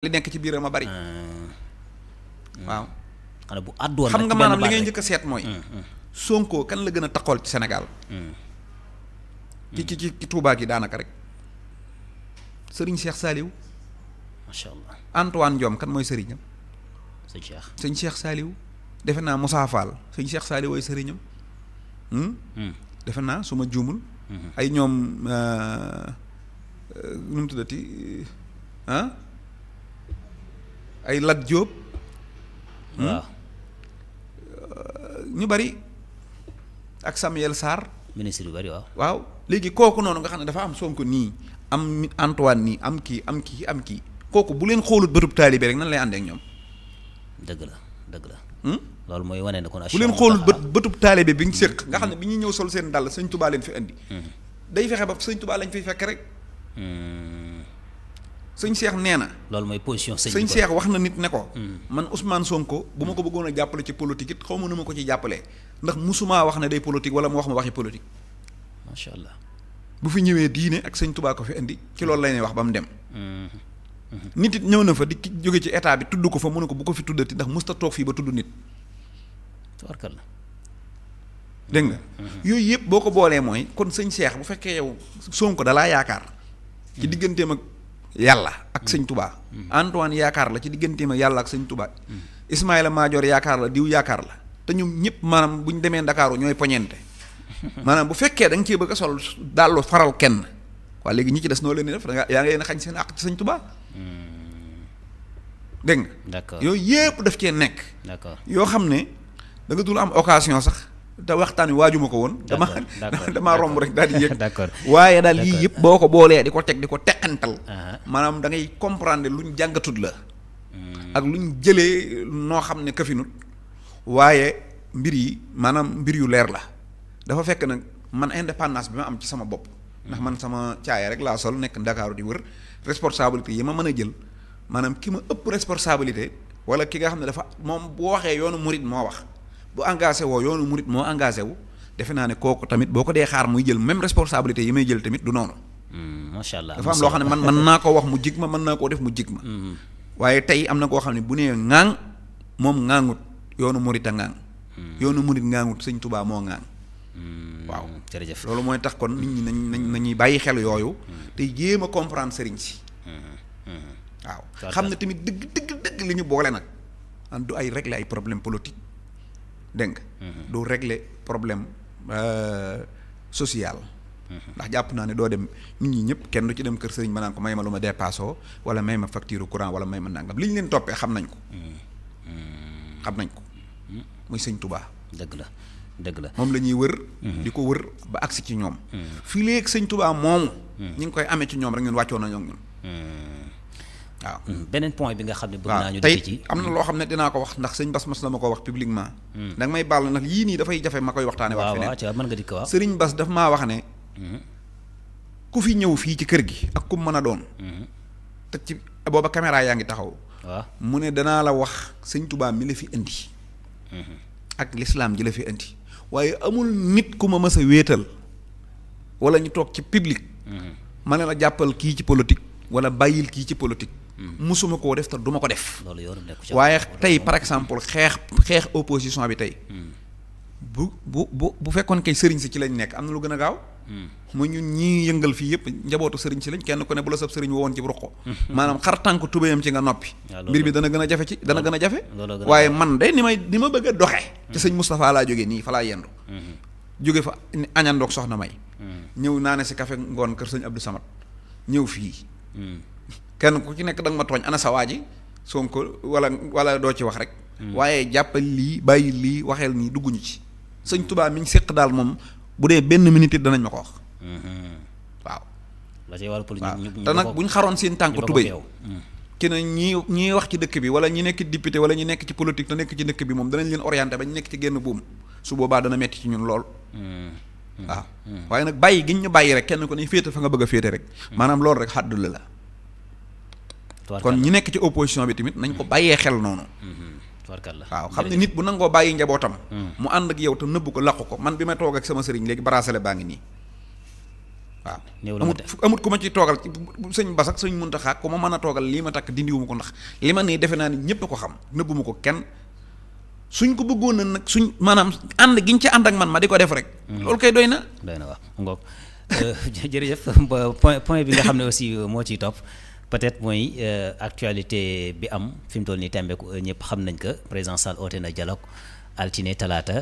li nekk ci biiram a bari. Ah. Hmm. waaw. bu àddu xam nga maanaam li ngay njëkk a seet mooy. Hmm, hmm. sonkoo kan la gën a taxool ci Sénégal. ci ci ki Touba gi daanaka rek. sëriñ Cheikh Saliou. macha allah Antoine Diome kan mooy sëriñam sëñ Cheikh sëñ Cheikh Saliou. defe naa Moussa Fall sëñ Cheikh Saliou ay Serigne defe naa su ma juumul. ay ñoom euh, euh, nu mu euh, ay Lat Diop. Hmm? waaw. Uh, ñu bari ak Samuel Sarr. ministre yu bari waaw. waaw léegi kooku noonu nga xam ne dafa am sonk nii am Antoine nii am kii am kii am kii kooku bu leen xoolut bëtub taalibe rek nan lay àndeek ñoom. dëgg la dëgg la. Hmm? loolu mooy wane ne kon bu leen xoolul bët bëtub taalibe bi ñu séq nga xam ne hmm. bi ñuy ñëw sol seen dàll sëñ tubaa fi indi. day fexe ba sëñ tubaa lañ fiy fekk rek. sëñ Cheikh nee na. loolu mooy position sëñ sëñ Cheikh wax na nit ne ko. Hmm. man usmaan Sonko bu ma ko bëggoon jàppale ci politique it xaw ma nu ma ko ci jàppale ndax musuma wax na day politique wala mu wax ma waxi politique. macha allah bu fi ñëwee diine ak sëñ Touba ko fi indi ci loolu lay wax ba mu dem. Hmm. Hmm. nit it ñëw na fa di ki jóge ci état bi tudd ko fa mu ne ko bu ko fi tuddati ndax musta toog fii ba tudd nit. tubarkalla. dégg nga. yooyu yëpp boo ko boolee mooy kon sëñ Cheikh bu fekkee yow sonk dalaa yaakaar. ci digganteem ak yàlla ak mm. sëñ tubaa mm. Antoine yaakaar la ci digganteem ak yàlla ak sëñ tubaa mm. Ismaïla Madior yaakaar la diw yaakaar la te ñoom ñëpp maanaam bu ñu demee ndakaaru ñooy poñente maanaam bu fekkee da nga cee sol dàllu faral kenn waa léegi ñi ci des noo leen di def danga yaa ngi leen xañ seen àq ci sëñ tubaa dégg nga d'accord yooyu yëpp def ceen nekk d'accord yoo xam ne da dul am occasion sax te waxtaan wi waajuma ko woon. dama damaa romb rek daal di yëg. d'accord waaye daal yii yëpp boo ko boolee di ko teg di ko teqantal. maanaam da ngay comprendre luñ jàngatut la. Hmm. ak luñ jëlee noo xam ne këfinut. waaye mbir yi maanaam mbir yu leer la dafa fekk nag man indépendance bi ma am ci sama bopp. ndax man sama caaya rek laa sol nekk ndakaaru di wër responsabilité yi ma mën a jël maanaam ki ma ëpp responsabilité wala ki nga xam ne dafa moom boo waxee yoonu murit moo wax. bu engagé woo yoonu murit moo engagé wu defe naa ne kooku tamit boo ko dee xaar muy jël même responsabilité yi may jël tamit du noonu. Hmm, macha allah dafa am loo xam ne man mën naa ko wax mu jig ma mën naa ko def mu jig ma. Hmm. waaye tey am na koo xam ne bu nee ŋaang moom ŋaangut yoonu murit a hmm. yoonu murit ŋaangut sëñ Tuubaa moo ŋaang. waaw jërëjëf loolu mooy tax kon nit ñi nañ nañuy bàyyi xel yooyu. te jéem a comprendre sëriñ si. waaw xam na tamit dëgg dëgg dëgg li ñu boole nag. du ay régler ay problème politique. dégg nga mhm. du régler problème euh, social mhm. ndax jàpp naa ne doo dem nit ñi ñëpp kenn du ci dem kër sëriñ ma naan ko may ma lu ma dépassoo wala may ma facture courant wala may ma nangam li ñu leen toppee xam nañ ko mhm. xam nañ ko muy sëñ tubaa la dëgg la moom la wër di ko wër ba agsi ci ñoom fii léegi sëñ tubaa moomu ñu ngi koy amee ci ñoom rek ñun wàccoo nañoo ak ñun waaw hmm. beneen point bi xam ne ñu def ci am na loo xam ne dinaa ko wax ndax sëñ Bas mas na ma ko wax publiquement hmm. da may baal na nag yii nii dafay jafe ma koy waxtaane wax feneen waaw mën nga dikk waaw sëriñ Bas daf maa wax ne hmm. ku fi ñëw fii ci kër gi ak ku mën a doon te ci booba caméra yaa ngi taxaw mu ne danaa la wax sëñ Tuubaa mi la fi indi ak lislaam ji la fi indi waaye amul nit ku ma mës a wéetal wala ñu toog ci publique ma ne la jàppal kii ci politique wala bàyyil kii ci politique musuma koo def te duma ko def. waaye tey par exemple xeex xeex opposition bi tey. Hmm. bu bu bu bu fekkoon kay sëriñ si ci lañ nekk am na lu gën a gaaw. mu hmm. ñun ñii yëngal fii yëpp njabootu sëriñ si lañ kenn ku ne bu la sab sëriñ woon ci ruqo hmm. maanaam xar tànk tubéyam ci nga noppi mbir mi dana gën a jafe ci dana gën a jafe waaye man de ni may ni ma bëgg a doxe ci sëñ Moustapha laa jógee nii fa laa yendu jóge fa añandoog soxna may ñëw naa ne si café ngoon kër sëñ Abdou Samad ñëw fii kenn ku ci nekk da nga ma tooñ ana sa waa sonk Sonko wala wala doo ci wax rek. Hmm. waaye jàppal lii bàyyi lii waxeel nii dugguñu ci. sëñ Tuubaa mi ñu séq daal moom bu dee benn minute danañ ma ko wax. Hmm. waaw. waaw te nag bu ñu xaroon seen tànk tubéy. Hmm. ki ne ñi ñi wax ci dëkk bi wala ñi nekk député wala ñi nekk ci politique te nekk ci dëkk bi moom danañ leen orienté ba ñu nekk ci génn buum su boobaa dana metti ci ñun lool. waaw waaye nag bàyyi gi ñu bàyyi rek kenn ko ne féete fa nga bëgg a rek. maanaam loolu rek xàddul la. kon ñi nekk ci opposition bi tamit nañ ko bàyyee xel noonu mm-hmm. waaw xam ne nit bu nangoo bàyyi njabootam mm-hmm. mu ànd ak yow te nëbb ko laqu ko man bi ma toog ak sama sëriñ léegi bracelet baa ngi nii waaw amut amut ku ma ci toogal ci sëñ Basak sëñ Muntaxa ku ma mën a toogal lii ma takk dindiwuma ko ndax li ma ne defe naa ni ñépp ko xam nëbbuma ko kenn suñ ko bëggoon na nag suñ maanaam ànd gi ñu ci ànd ak man ma di ko def rek mm-hmm. loolu kay doy na doy na waaw ngoog jërëjëf point point bi nga xam ne aussi moo ciy topp peut-être mooy euh, actualité bi am fi mu toll nii tembeeku ñëpp xam nañ ko président Sall ote na dialogue altine talaata